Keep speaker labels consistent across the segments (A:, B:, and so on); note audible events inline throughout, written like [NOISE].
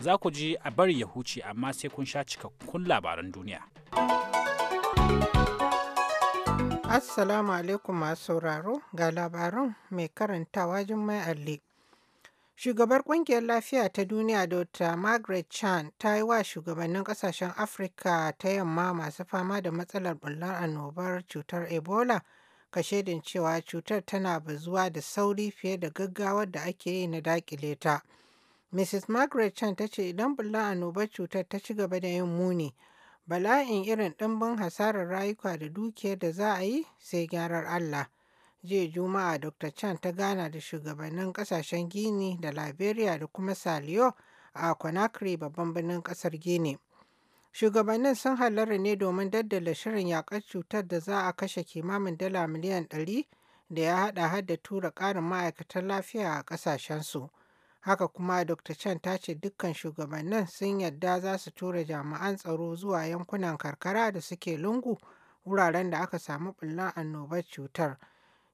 A: za ku ji a bari ya huce amma sai kun sha cikakkun labaran duniya.
B: Assalamu alaikum masu sauraro ga labaran mai karantawa Jummai alli Shugabar kungiyar lafiya ta duniya Dr. Margaret Chan ta yi wa shugabannin kasashen Afirka ta yamma masu fama da matsalar bullar annobar cutar Ebola ka shaidin cewa cutar tana bazuwa da sauri fiye da gaggawar da ake yi na dakile ta. Mrs. Margaret Chan ta ce idan bulla annobar cutar ta ci gaba da yin muni, bala'in irin ɗimbin hasarar rayuka da dukiyar da za a yi sai gyarar Allah. Jiya Juma'a Dr. Chan ta gana da shugabannin kasashen Gini da Liberia da kuma Saliyo a Conakry babban birnin kasar Gini. Shugabannin sun halarra ne domin daddala shirin yakar cutar da za a kashe kimamin dala miliyan 100 da ya hada da tura ƙarin ma'aikatan lafiya a kasashensu. Haka kuma Dr. Chan ta ce dukkan shugabannin sun yadda za su tura jami'an tsaro zuwa yankunan karkara da suke lungu wuraren da aka samu bullon annobar cutar.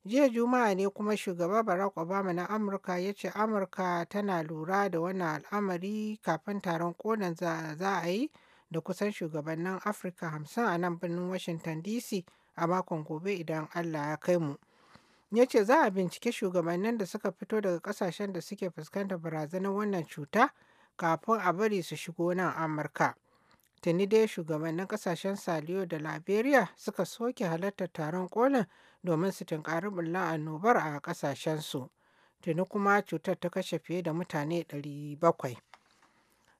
B: Jiya Juma'a ne kuma shugaba Barack Obama na Amurka ya ce Amurka tana lura da wannan al'amari kafin taron konan za a yi da kusan shugabannin Afirka hamsin a nan birnin Washington DC a makon gobe idan Allah ya kai mu. ya ce za a bincike shugabannin da suka fito daga kasashen da suke fuskantar barazanar wannan cuta kafin a bari su shigo nan amurka tuni dai shugabannin kasashen saliyo da liberia suka soke halartar taron kolin domin su tunkari bulla annobar a su. tuni kuma cutar ta kashe fiye da mutane 700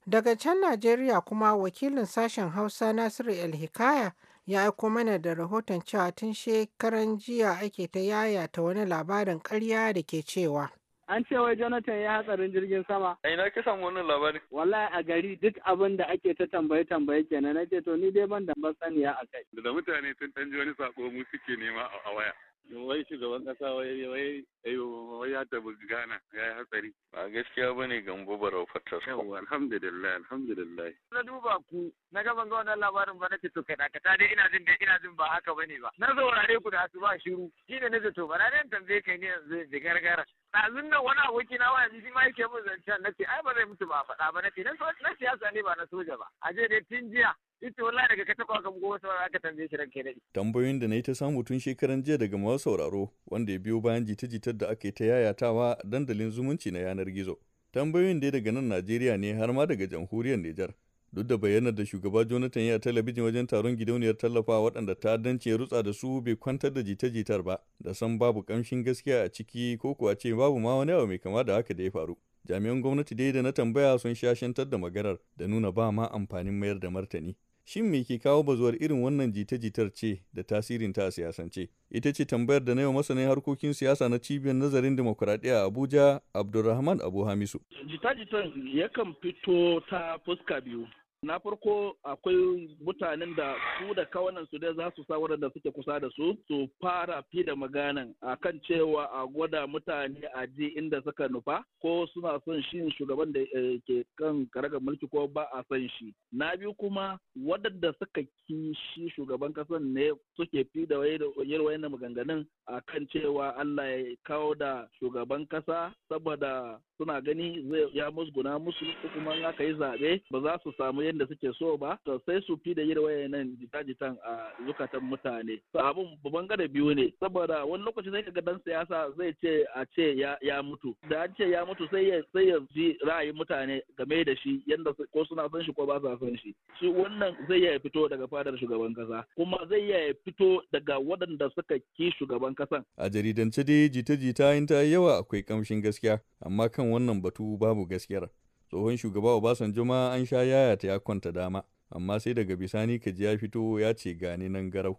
B: daga can najeriya kuma wakilin sashen hausa nasiru el hikaya ya aiko mana da rahoton cewa tun shekaran jiya ake ta yaya ta wani labarin karya da ke cewa. An ce wai Jonathan ya hatsarin
C: jirgin sama. A ina
D: ka samu labari?
C: Wallahi a gari duk abin da ake ta tambaye tambaye kenan ce to ni dai ban da saniya a kai.
D: Da mutane sun ɗan ji wani sako mu suke nema a waya. wai shugaban kasa wai wai ya tafi Ghana ya yi hatsari. Ba gaskiya ba ne gambo barau su Yawwa alhamdulillah alhamdulillah.
C: Na duba ku na gaban ga wannan labarin ba nake to kai
E: dakata dai ina jin ina jin ba haka bane ba. Na zo rare
C: ku da asuba shiru Shi shine zato to na ne tambaye kai ne yanzu da gargara.
E: ɗazun nan wani
C: aboki na waya shi ma yake mun zancen na ce ai ba zai mutu ba faɗa ba na ce na siyasa ne ba na soja ba a je dai tun jiya ita wallahi daga ka taɓa kan goma sauran aka tambaye shi ranke dai
D: tambayoyin da na yi ta samu tun shekaran jiya daga masu sauraro wanda ya biyo bayan jita-jitar da aka yi ta yayatawa dandalin zumunci na yanar gizo tambayoyin dai daga nan Najeriya ne har ma daga jamhuriyar Nijar duk da bayyanar da shugaba jonathan ya talabijin wajen taron gidauniyar tallafa waɗanda ta ya rutsa da su bai kwantar da jita-jitar ba da san babu ƙamshin gaskiya a ciki ko kuwa ce babu ma wani abu mai kama da haka da ya faru jami'an gwamnati dai da na tambaya sun shashantar da maganar da nuna ba ma amfanin mayar da martani shin me ke kawo bazuwar irin wannan jita-jitar ce da tasirin ta siyasance ita ce tambayar da na wa masanin harkokin siyasa na cibiyar nazarin demokuraɗiyya a abuja abdulrahman abu hamisu
C: jita-jitar yakan fito ta fuska biyu na farko akwai mutanen da su da kawanan su dai za su sa waɗanda suke kusa da su su fara fi da maganan akan cewa a gwada mutane a ji inda suka nufa ko suna son shi shugaban da eh, ke kan karagar mulki ko ba a son shi na biyu kuma waɗanda suka ki shi shugaban kasan ne suke fi da wayan maganganun akan cewa Allah ya kawo da shugaban kasa saboda suna gani zai ya musguna musu kuma in aka yi zaɓe ba za su samu da suke so ba to sai su fi da yin wayannan jita-jitan a zukatan mutane abun babban gada biyu ne saboda wani lokacin sai ga dan siyasa zai ce a ce ya mutu da an ce ya mutu sai ya sai ya ji ra'ayin mutane game da shi yanda ko suna son shi ko ba sa son shi shi wannan zai ya fito daga fadar shugaban kasa kuma zai ya fito daga waɗanda suka ki shugaban kasan
D: a jaridance dai jita-jita in ta yawa akwai kamshin gaskiya amma kan wannan batu babu gaskiyar tsohon shugaba Obasanjo ma an sha yaya ta ya kwanta dama amma sai daga bisani kaji ya fito ya ce gani nan garau.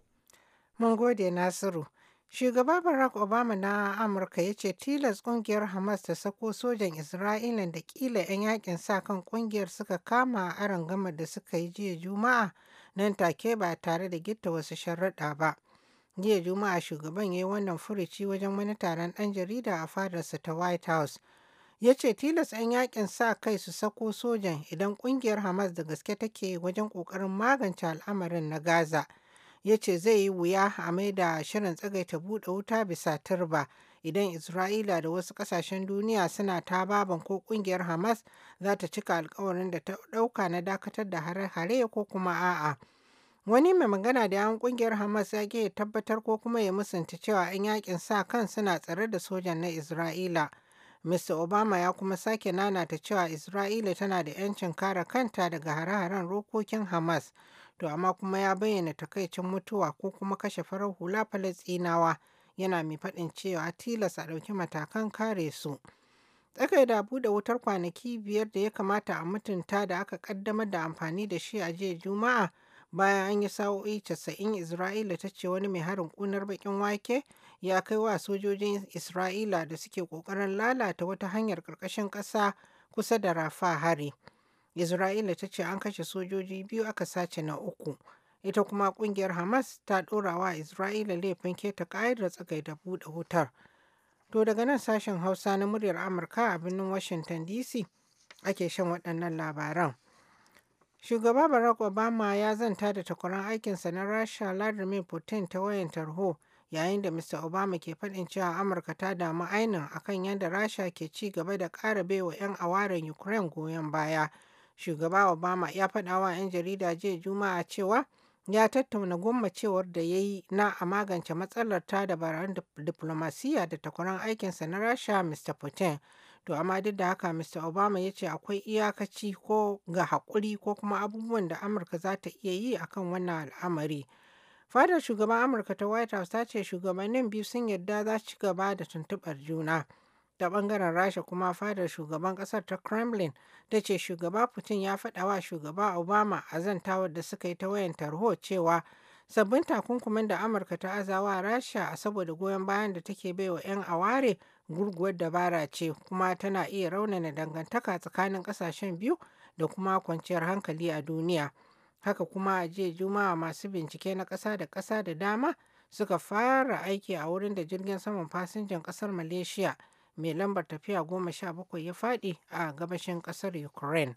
B: Mun gode Nasiru. Shugaba Barack Obama na Amurka ya ce tilas kungiyar Hamas ta sako sojan Isra'ila da kila 'yan yakin sa kan kungiyar suka kama a gama da suka yi jiya Juma'a nan take ba tare da gitta wasu sharaɗa ba. Jiya Juma'a shugaban ya yi wannan furuci wajen wani taron ɗan jarida a fadarsa ta White House. ya ce tilas 'yan yakin sa kai su sako sojan idan kungiyar hamas da gaske take wajen kokarin magance al'amarin na gaza ya ce zai yi wuya a mai da shirin tsagaita buɗe wuta bisa turba idan isra'ila da wasu kasashen duniya suna ta baban ko kungiyar hamas za ta cika alkawarin da ta ɗauka na dakatar da hare-hare ko kuma a'a. Wani mai magana da yawon kungiyar Hamas ya ke tabbatar ko kuma ya musanta cewa 'yan yakin sa kan suna tsare da sojan na Isra'ila. Mr. Obama ya kuma sake nanata cewa Isra'ila tana da 'yancin kare kanta daga hare-haren rokokin Hamas, to amma kuma ya bayyana takaicin mutuwa ko kuma kashe farar hula Falasɗinawa yana mai faɗin cewa tilas a ɗauki matakan kare su. da buɗe wutar kwanaki biyar da ya kamata a mutunta da aka ƙaddamar da amfani da shi a jiya Juma'a bayan an yi sa'o'i casa'in Isra'ila ta ce wani mai harin ƙunar baƙin wake ya kai wa sojojin Isra'ila da suke ƙoƙarin lalata wata hanyar ƙarƙashin ƙasa kusa da Rafa hari. Isra'ila ta ce an kashe sojoji biyu aka sace na uku. Ita kuma ƙungiyar Hamas ta ɗora wa Isra'ila laifin keta ƙa'idar da buɗe wutar. To daga nan sashen Hausa na muryar Amurka a birnin Washington DC ake shan waɗannan labaran. Shugaba Barack Obama ya zanta da takwaran aikinsa na Rasha Vladimir Putin ta wayan tarho yayin da Mr. Obama ke faɗin cewa Amurka ta damu ainin akan yadda Rasha ke ci gaba da ƙara baiwa 'yan awaren Ukraine goyon baya. Shugaba Obama ya faɗa wa 'yan jarida jiya Juma'a cewa ya tattauna gwammacewar da ya yi na a magance matsalar ta dabarun diplomasiya da takwaran aikinsa na Rasha Mr. Putin. To amma duk da haka Mr. Obama ya ce akwai iyakaci ko ga haƙuri ko kuma abubuwan da Amurka za ta iya yi akan wannan al'amari. Fadar shugaban Amurka ta White House ta ce shugabannin biyu sun yarda za su ci gaba da tuntuɓar juna. ta bangaren Rasha kuma fadar shugaban ƙasar ta Kremlin ta ce shugaba Putin ya faɗa wa shugaba Obama a zantawar da suka yi ta wayan tarho cewa sabbin takunkumin da Amurka ta azawa Rasha a saboda goyon bayan da take baiwa 'yan aware gurguwar dabara ce kuma tana iya raunana dangantaka tsakanin ƙasashen biyu da kuma kwanciyar hankali a duniya. Haka kuma a jiya Juma'a masu bincike na ƙasa da ƙasa da dama suka fara aiki a wurin da jirgin saman fasinjan ƙasar Malaysia mai lambar tafiya goma sha bakwai ya faɗi a gabashin ƙasar Ukraine.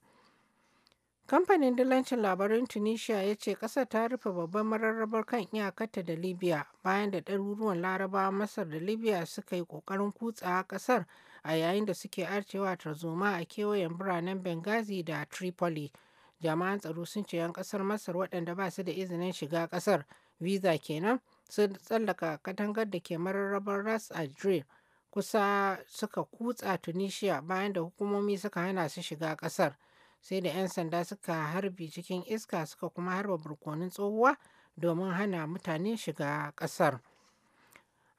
B: Kamfanin dillancin labaran Tunisia ya ce ƙasar ta rufe babban mararrabar kan iyakarta da Libya bayan da ɗaruruwan Larabawa Masar da Libya suka yi ƙoƙarin kutsa ƙasar a yayin da suke arcewa tarzoma a kewayen biranen Benghazi da Tripoli. jami'an tsaro sun ce 'yan kasar masar waɗanda ba su da izinin shiga kasar visa kenan sun tsallaka katangar da ke mararrabar ras adre kusa suka kutsa tunisia bayan da hukumomi suka hana su shiga kasar sai da 'yan sanda suka harbi cikin iska suka kuma harba burkonin tsohuwa domin hana mutane shiga kasar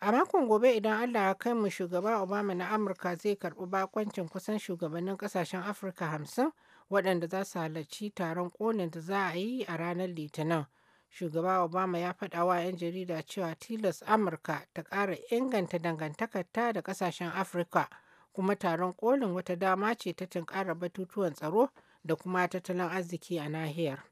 B: a makon gobe idan allah ya kai mu shugaba obama na amurka zai karbi bakoncin kusan shugabannin kasashen afirka hamsin waɗanda za su halarci taron ƙonin da za a yi a ranar litinin shugaba obama ya faɗa wa 'yan jarida cewa tilas amurka ta ƙara inganta dangantakarta da ƙasashen afirka kuma taron kolin wata dama ce ta tunkara batutuwan tsaro da kuma tattalin arziki a nahiyar.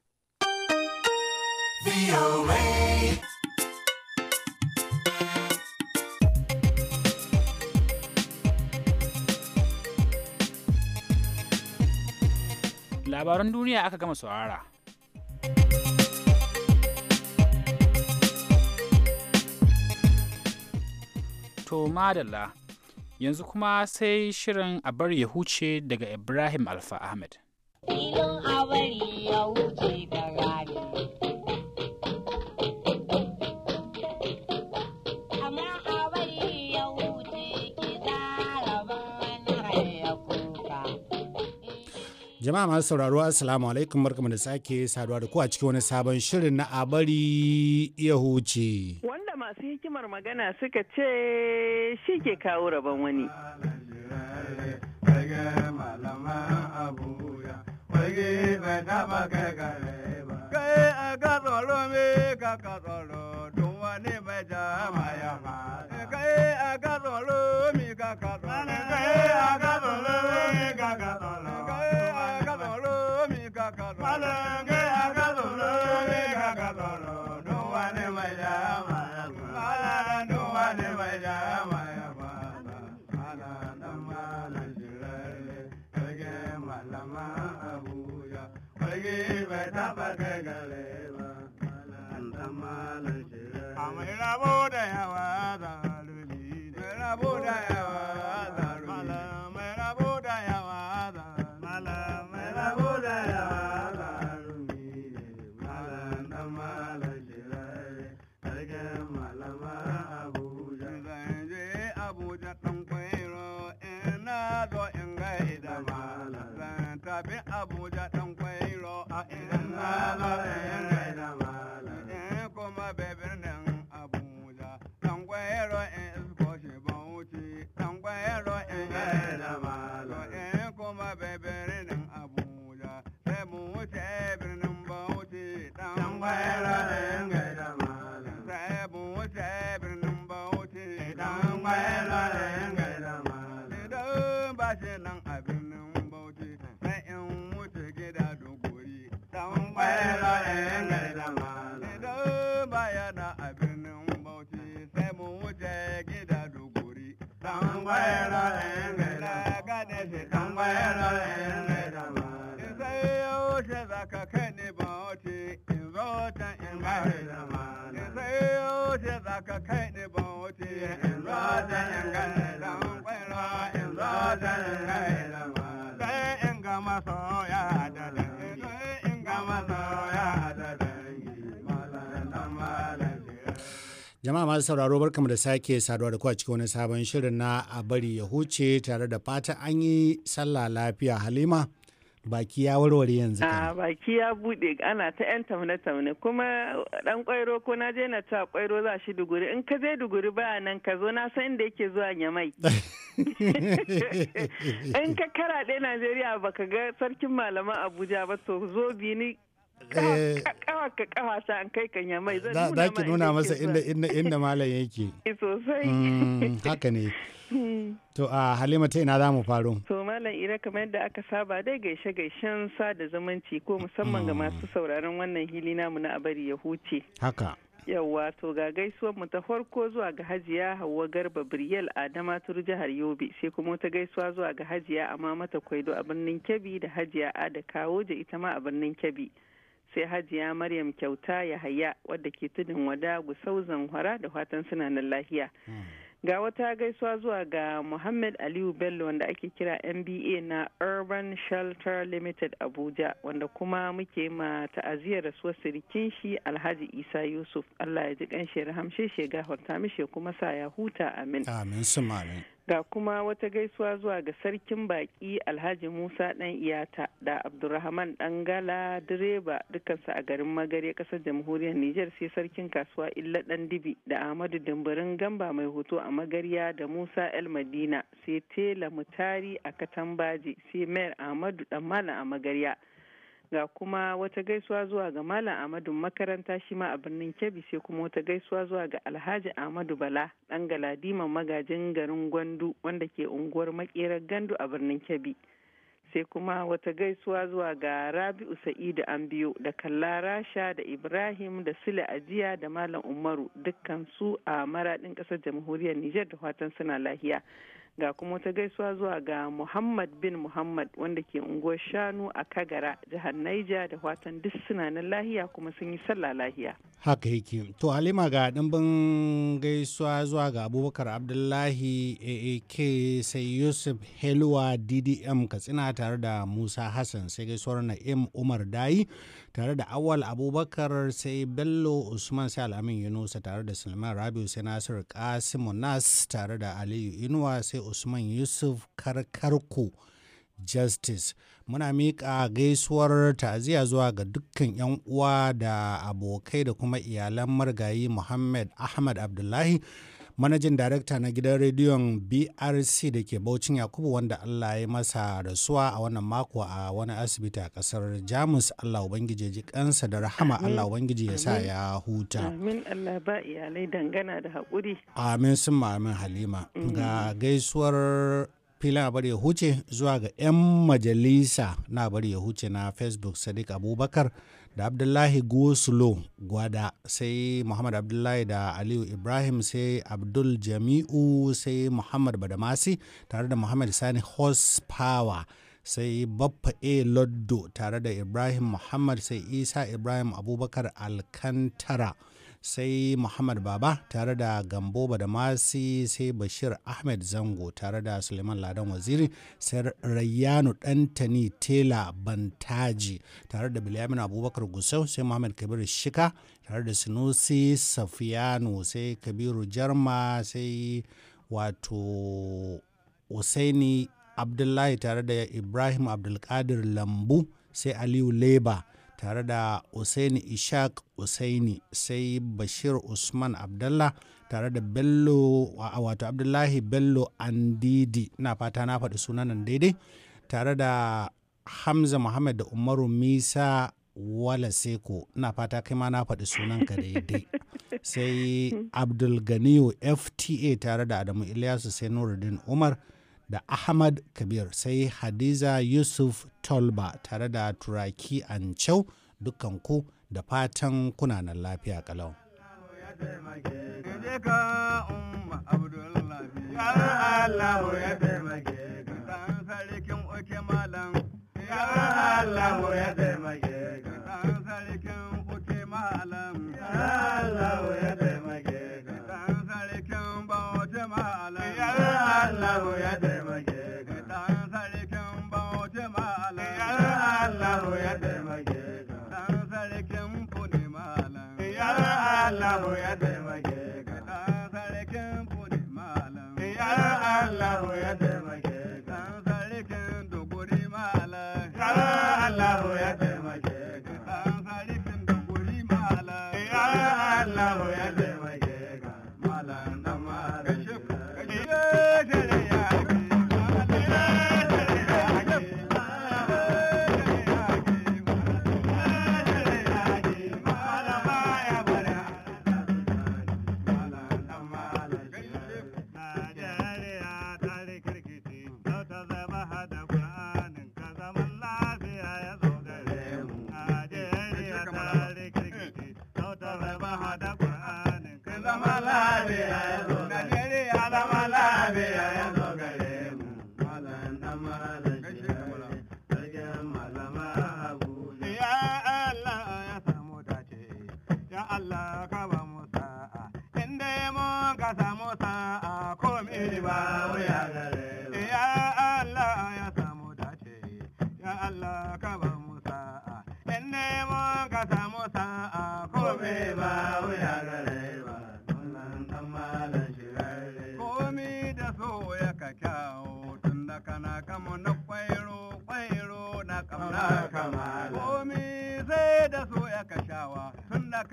A: labaran duniya aka gama saurara. To madalla yanzu kuma sai shirin a bar ya huce daga Ibrahim Alfa Ahmed.
B: Filin a ya huce daga
F: Jama'a masu sauraro Assalamu alaikum barkamu da sake saduwa da ku a cikin wani sabon shirin na abari ya huce.
G: Wanda masu hikimar magana suka ce shi ke kawo rabon wani.
E: Kai a ka tsoro ka ka ka ma. a ka mi ka ka tsoro. Kai a ka tsoro mi ka ka ka galela malan ta malan shi. Amai rabo da yawa da
F: Jama'a masu sauraro barkamu da sake saduwa da kuwa cikin wani sabon shirin na a bari ya huce tare da fata an yi sallah lafiya Halima baki ya warware yanzu kan.
G: A baki ya bude ana ta yan tamne tamne kuma dan kwairo ko na je na ta kwairo za shi duguri in ka je duguri ba nan ka zo na san inda yake zuwa nyamai. [LAUGHS] In ka karade Najeriya baka ga sarkin malaman Abuja ba to zo ni. kawa ka sa an kai kan yamai zan nuna za nuna masa inda
F: malam yake sosai haka ne to a halima ta ina za mu faro
G: to malam ira kamar yadda aka saba dai gaishe gaishen sa da zumunci ko musamman ga masu sauraron wannan hili namu na abari ya huce haka yawwa to ga gaisuwar mu ta farko zuwa ga hajiya Hauwa, garba biryal adama turu jihar yobe sai kuma wata gaisuwa zuwa ga hajiya amma mata kwaido a birnin kebbi da hajiya ada Kawo ita ma a birnin kebbi sai hajiya maryam kyauta ya haya wadda ke tudun wada gusau zanhwara da fatan suna nan lafiya ga wata gaisuwa zuwa ga muhammad aliyu bello wanda ake kira nba na urban shelter limited abuja wanda kuma muke ma ta'aziyar rasuwar sirikin shi alhaji isa yusuf allah ya ji kanshi rahamshe shi gafarta mishi kuma sa ya huta amin Ga kuma wata gaisuwa zuwa ga sarkin baƙi Alhaji Musa ɗan iyata da Abdurrahman ɗan gala direba dukansa a garin Magare ƙasar jamhuriyar Nijar sai sarkin kasuwa Illa ɗan Dibi da Ahmadu dimbirin Gamba mai hoto a Magarya da Musa El Madina sai Tela Mutari a Katambaji sai Mayor Ahmadu Ɗan mallam a Magarya. ga kuma wata gaisuwa zuwa ga Malam ahmadu makaranta shi ma a birnin Kebbi sai kuma wata gaisuwa zuwa ga Alhaji Ahmadu Bala ɗan galadiman magajin garin Gwandu wanda ke unguwar makerar Gandu a birnin Kebbi. Sai kuma wata gaisuwa zuwa ga Rabi'u Sa'idu Ambiyo da Kalla Rasha da Ibrahim da Sule Ajiya da Malam Umaru dukkan su a maradin ƙasar jamhuriyar Nijar da fatan suna lahiya. ga kuma wata gaisuwa zuwa ga muhammad bin muhammad wanda ke unguwar shanu a kagara jihar naija da watan duk suna na lahiya kuma sun yi sallah lahiya
F: haka yake to halima ga dimbin gaisuwa zuwa ga abubakar abdullahi aak sai yusuf helwa ddm katsina tare da musa hassan sai gaisuwar na'im umar dayi tare da awal abubakar sai bello usman sai al'amin yunusa tare da sulaiman rabiu sai nasiru kasimu nas tare da aliyu inuwa sai usman yusuf karkarku justice muna miƙa gaisuwar taziya zuwa ga dukkan 'yan uwa da abokai da kuma iyalan marigayi muhammad ahmad abdullahi manajin darakta na gidan rediyon brc da ke baucin yakubu wanda allah ya masa rasuwa a wannan mako a wani asibiti a kasar jamus allah ubangiji ji kansa da rahama allah ubangiji ya sa ya huta
G: amin allah ba iyalai dangana da haƙuri
F: amin sun amin halima ga gaisuwar filin bari ya huce zuwa ga 'yan majalisa na bari ya huce na facebook sadiq abubakar da abdullahi goslo gwada sai muhammad abdullahi da aliyu ibrahim sai abdul jami'u sai muhammad badamasi tare da muhammad sani horsepower sai baffa a loddo tare da ibrahim muhammad sai isa ibrahim abubakar alkantara sai muhammad baba tare da gambo badamasi sai bashir ahmed zango tare da suleiman ladan waziri sai rayyanu dantani tela bantaji tare da bilyamin abubakar gusau sai muhammad kabir shika tare da sinusi safiyanu sai kabiru jarma sai wato usaini abdullahi tare da ibrahim abdulkadir lambu sai aliyu leba tare da Usaini Ishaq Usaini sai Bashir Usman Abdallah tare da Bello wato Abdullahi Bello Andidi na fata na faɗi sunanan daidai tare da Hamza Muhammad da Umaru Misa wala seko na fata kai ma na faɗi sunan ka daidai sai abdulganiyo fta tare da adamu ilyasu sai nuruddin umar da Ahmad Kabir sai Hadiza Yusuf Tolba tare da Turaki Ancau dukkan ku da fatan kunanan lafiya kalau.
D: Allah ya
E: taimake zama lafiya ya zo gare ya zama lafiya ya zo gare mu malam dan malam sarkin malama abu ya Allah ya samu dace ya Allah ka ba mu sa'a inda mun ka samu sa'a komai ba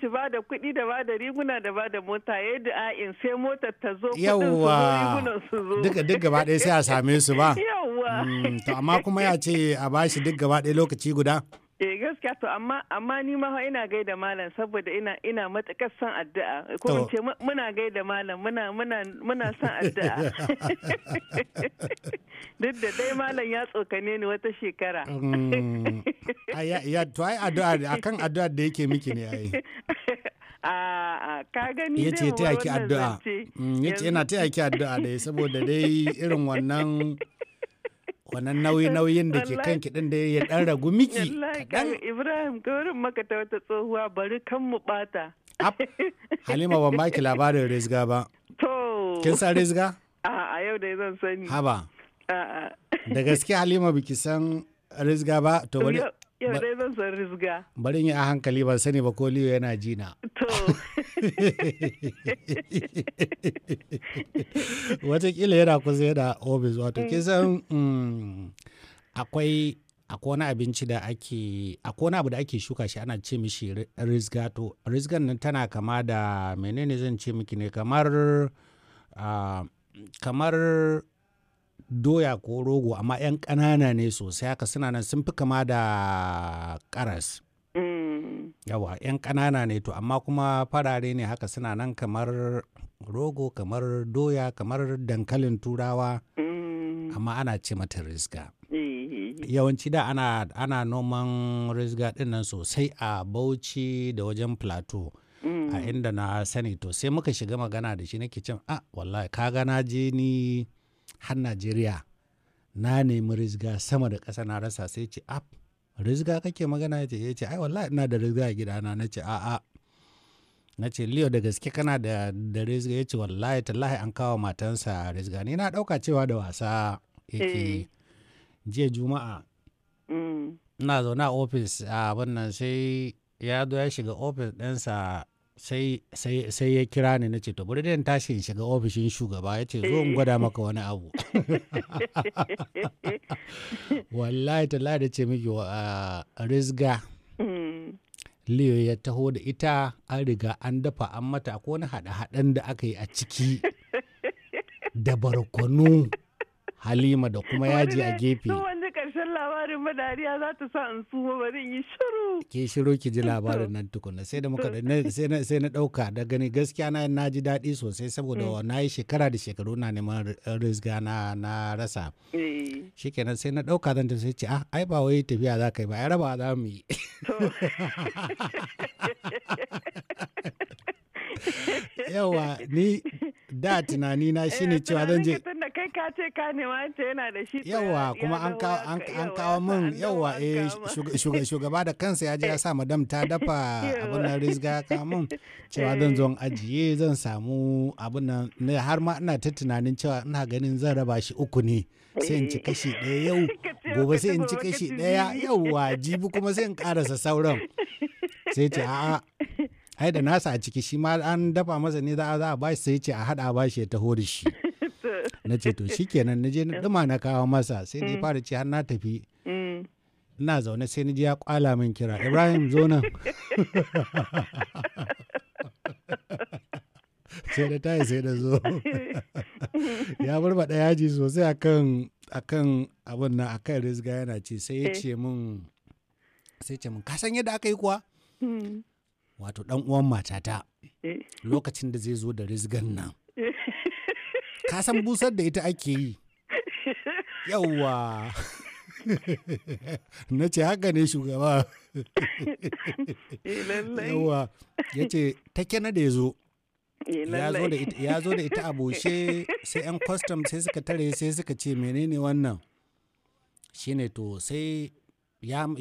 E: shi ba da kuɗi
G: da ba da riguna da ba da mota ya da'a'in sai motar ta zo
F: yawwa duka duk gaba ɗaya sai a same su ba [LAUGHS]
G: yawwa mm, to amma kuma
F: ya ce a bashi duk gaba ɗaya lokaci guda
G: amma amma ni ma fa ina gaida malam saboda ina ina matakar son addu'a ko in ce muna gaida malam muna muna muna son addu'a [LAUGHS] duk da dai malam ya tsokane ni wata shekara
F: mm. ya to ai addu'a akan addu'a da yake miki ne ai
G: [LAUGHS] ka gani ya ce ta yaki addu'a ya ce mm, yana ta
F: yaki addu'a dai saboda dai irin wannan wannan nauyi nauyin da ke kan kiɗin da ya ɗan ragu miki
G: kaɗan. Ibrahim gaurin maka ta wata tsohuwa bari kan mu ɓata. Halima ban ki
F: labarin Rizga ba.
G: To. Kin san Rizga? A yau da zan sani. Haba.
F: Da gaske Halima biki san Rizga ba to bari yau dai
G: zan risga
F: bari yi hankali ban sani ba ko liyo yana jina to [LAUGHS] Wataƙila yana kusa yana obis wato kisan mm, akwai akwai wani abinci da ake akwai wani abu da ake shuka shi ana ce mishi rizga to rizgan nan tana kama da menene zan ce miki ne kamar ah, kamar doya ko rogo amma 'yan ƙanana ne sosai haka suna nan sun fi kama da karas mm. yawa 'yan ƙanana ne to amma kuma farare ne haka suna nan kamar rogo kamar doya kamar dankalin turawa mm. amma ana ce mata rizga
G: eh.
F: yawanci da ana, noman rizga ɗin nan sosai a bauchi da wajen plateau a mm. inda na sani to sai muka shiga magana da shi nake cin a ah, wallahi ka gana jini. har najeriya na nemi rizga sama da ƙasa na rasa sai ce ap rizga kake magana ya ce eh, ya ce ai wallahi ina da rizga a gidana na ce a'a na ce leo da gaske kana da da rizga ya ce wallahi tallahi an kawo matansa rizga ni na ɗauka cewa da wasa yake eh. jiya juma'a mm. ina zaune a ofis a wannan sai ya zo ya shiga ofis ɗinsa sai ya kira ni na ce to bari dan tashi in shiga ofishin shugaba ya ce zo in gwada maka wani abu [LAUGHS] wallahi ta da ce miki wa rizga mm. Leo ya taho da ita an riga an dafa an mata ko wani hada-hadan da aka yi a ciki [LAUGHS] da barkonu halima da kuma yaji a gefe
G: kuma dariya za ta sa in suma bari yi shiru
F: ke shiru ki ji labarin nan tukuna sai da muka sai na dauka da gani gaskiya na na ji daɗi sosai saboda mm. na yi shekara da shekaru na neman rizga na na rasa eh. shikenan sai na dauka zan ta sai ce ah ai ba wai tafiya za ka yi ba ai raba za mu yi [LAUGHS] yawa ni da tunani na shine eh, cewa zan je
G: ka ce ka nema ta
F: yana da shi yawa kuma an kawo min yawa eh shugaba da kansa ya je ya sa madam ta dafa [LAUGHS] abin nan rizga ka min [LAUGHS] cewa zan zo eh. ajiye zan samu abin nan har ma ina ta tunanin cewa ina ganin zan raba shi uku ne sai in ci kashi eh. ɗaya yau [LAUGHS] gobe sai in ci kashi ɗaya yawa jibi kuma sai in karasa sauran sai ce a'a ai da nasa a ciki shi ma an dafa masa ne za a ba shi sai ce a hada ba shi ya taho da shi na ce to kenan na je na duma na kawo masa sai da mm. fara ce har na tafi mm. ina zaune sai na ji ya kwala min kira ibrahim zo nan [LAUGHS] sai da tayi sai da zo [LAUGHS] ya barbaɗa yaji sosai akan akan abin nan akan rizga yana ce sai ya eh. ce min sai ce min kasan yadda aka yi kuwa mm. wato dan uwan matata eh. lokacin da zai zo da rizgan nan ka san busar da ita ake yi yawwa na ce haka ne shugaba eh, yawwa ya ce ta kena da ya zo eh, ya zo da ita a bushe sai 'yan kwastam sai suka tare sai suka ce menene wannan shine to sai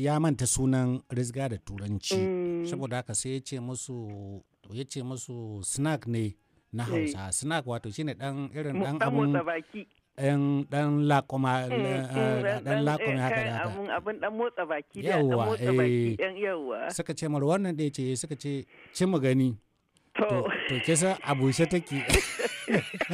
F: ya manta sunan rizga da turanci mm. saboda haka sai ya ce musu snack ne na eh. hausa snack wato shine dan irin dan abun dan dan lakoma dan lakoma haka da haka
G: abun dan motsa baki da motsa eh. baki dan yawa suka
F: ce mar wannan da yace suka ce ci mu gani to to kisa a bushe take [LAUGHS] [LAUGHS]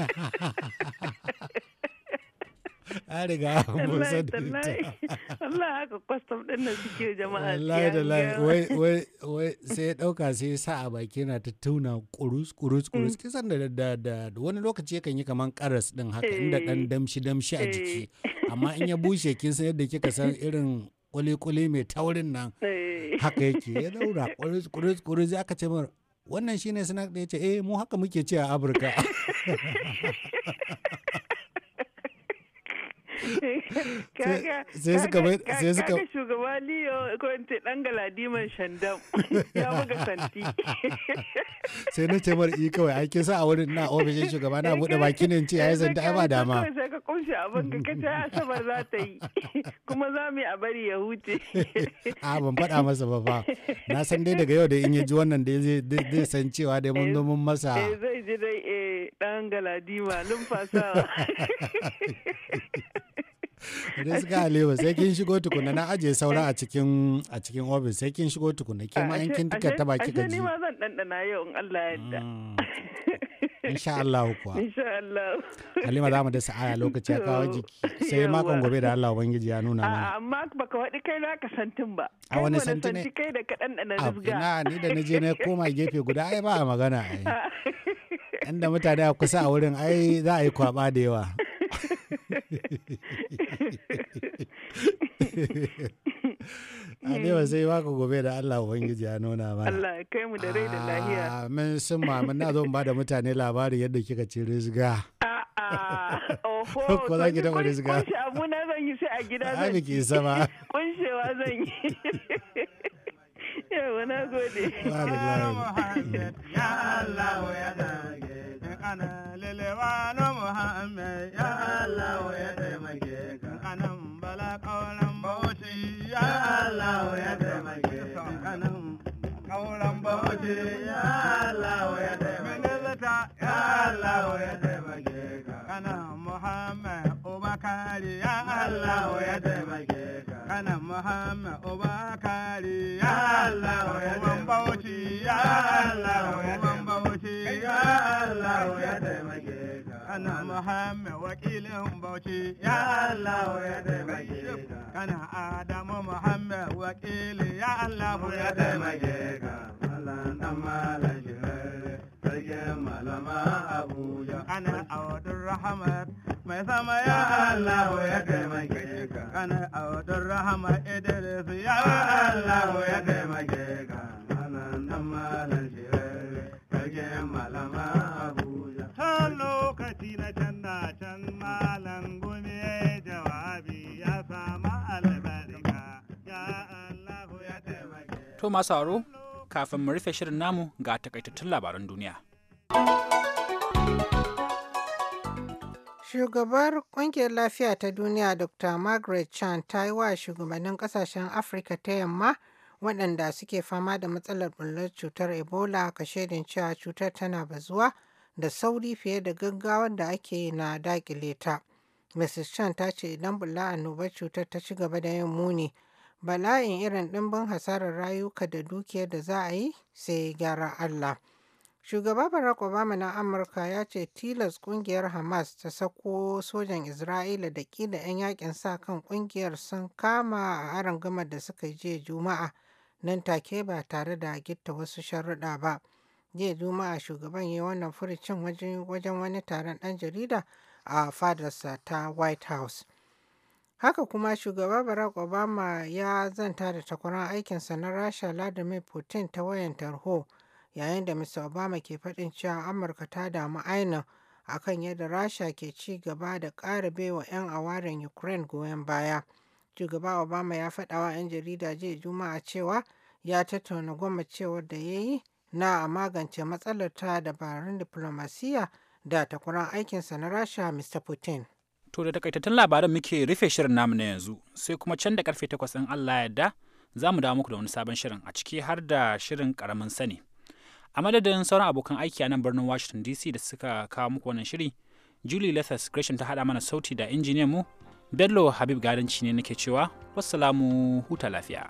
F: an riga mun san [LAUGHS]
G: da haka custom din nan suke jama'a wallahi da wai [LAUGHS]
F: wai wai sai dauka sai sa a baki yana ta tauna kurus kurus kurus mm. kisan da da da wani lokaci yakan yi kaman karas din haka eh. inda dan damshi damshi a jiki eh. amma in ya bushe kin san yadda kika san irin kuli-kuli mai taurin nan
D: eh. haka yake ya daura
F: kuris-kuris aka ce mar wannan shine snack da ya ce eh mu haka muke ce a afirka [LAUGHS]
G: [LAUGHS] sai suka bai sai suka shugaba liyo ko in ce dan galadiman shandam [LAUGHS] ya buga santi
F: [LAUGHS] sai na ce mar i kawai ai kin sa a wurin na ofishin shugaba na bude baki ne ce yayi zanta ai ba dama
G: sai ka kunshi abin ka kace sabar za ta yi kuma za mu yi a bari ya huce
F: a ban faɗa masa ba fa na san dai daga yau da in ya ji wannan da zai san cewa dai mun zo mun masa eh,
G: zai ji dai eh dan galadima numfasawa
F: da suka halewa sai kin shigo tukuna na aje saura a cikin a cikin ofis sai kin shigo tukuna ke ma yankin tuka ta baki ka ji. Ashe ni ma
G: zan yau in Allah ya hmm. Insha Allah kuwa. Insha Allah.
F: Halima za mu da sa'aya lokaci ya kawo jiki sai makon gobe da Allah ubangiji ya nuna mana.
G: Amma baka waɗi kai na ka santin ba. A wani santin ne? Kai da ka ɗanɗana rizga. na ni da na je na
F: koma gefe guda ai ba magana ai. [LAUGHS] Inda mutane a kusa a wurin ai za a yi kwaba da yawa. Alewa [LAUGHS] sai ba ku gobe da Allah Ubangiji ya nuna ba.
G: Allah kai mu da rai da lahiya.
F: Amin sun na zo ba da mutane labari yadda kika ci rizga.
G: [LAUGHS] Oho, ko za ki zan rizga. Kunshi abu na zan yi sai a gida zan. Ai biki sama.
E: shewa zan yi. [LAUGHS] Yawa na gode. Ya
D: Allah ya Usmanu Muhammad ya
E: Allah ya taimake ka anan bala kauran bauchi ya Allah ya taimake ka anan kauran bauchi ya Allah ya taimake ka ya Allah ya taimake ka anan Muhammad Obakari ya Allah ya taimake ka anan Muhammad Obakari Muhammad wakilin Bauchi ya Allah ya taimake ka kana Adamu Muhammad wakili ya Allah ya taimake ka Allah dan malam sarkin malama Abuja kana Abdul Rahman mai sama ya Allah ya taimake ka kana Abdul Rahman Idris ya Allah ya taimake ka Allah dan malam
A: To masu sauraro kafin mu rufe shirin namu ga takaitattun labaran duniya.
B: Shugabar Ƙungiyar Lafiya ta Duniya Dr. Margaret Chan ta yi wa shugabannin ƙasashen Afirka ta yamma waɗanda suke fama da matsalar bullar cutar Ebola ka shaidin cewa cutar tana bazuwa da sauri fiye da gaggawar da ake yi na dakile ta. Mrs. Chan ta ce idan bulla annobar cutar ta ci gaba da yin muni, bala'in irin ɗimbin hasarar rayuka da dukiyar da za a yi sai gyara Allah. Shugaba Barack Obama na Amurka ya ce tilas kungiyar Hamas ta sako sojan Isra'ila da kila 'yan yakin sa kan kungiyar sun kama a aron gama da suka jiya Juma'a nan take ba tare da gitta wasu sharuɗa ba. Jiya Juma'a shugaban ya wannan furucin wajen wani taron ɗan jarida a fadarsa ta White House. Haka kuma Shugaba Barack Obama ya zanta da takwaran aikinsa na Rasha Vladimir Putin ta wayan tarho yayin da Mr. Obama ke faɗin cewa Amurka ta damu aina a kan yadda Rasha ke ci gaba da ƙara baiwa 'yan awarin Ukraine goyon baya. Shugaba Obama ya faɗawa 'yan jarida jiya Juma'a cewa ya tattauna cewar da ya yi na a magance matsalar ta dabarun diplomasiya da takwaran aikinsa na Rasha Mr. Putin.
A: To da takaitattun labaran muke rufe shirin namu na yanzu sai kuma can da karfe takwas in Allah yadda za mu dawo muku da wani sabon shirin a ciki har da shirin karamin sani. A madadin sauran abokan aiki a nan birnin Washington DC da suka kawo muku wannan shiri, Julie Lethas Gresham ta haɗa mana sauti da injiniyan mu, Bello Habib Gadanci ne nake cewa, salamu huta lafiya.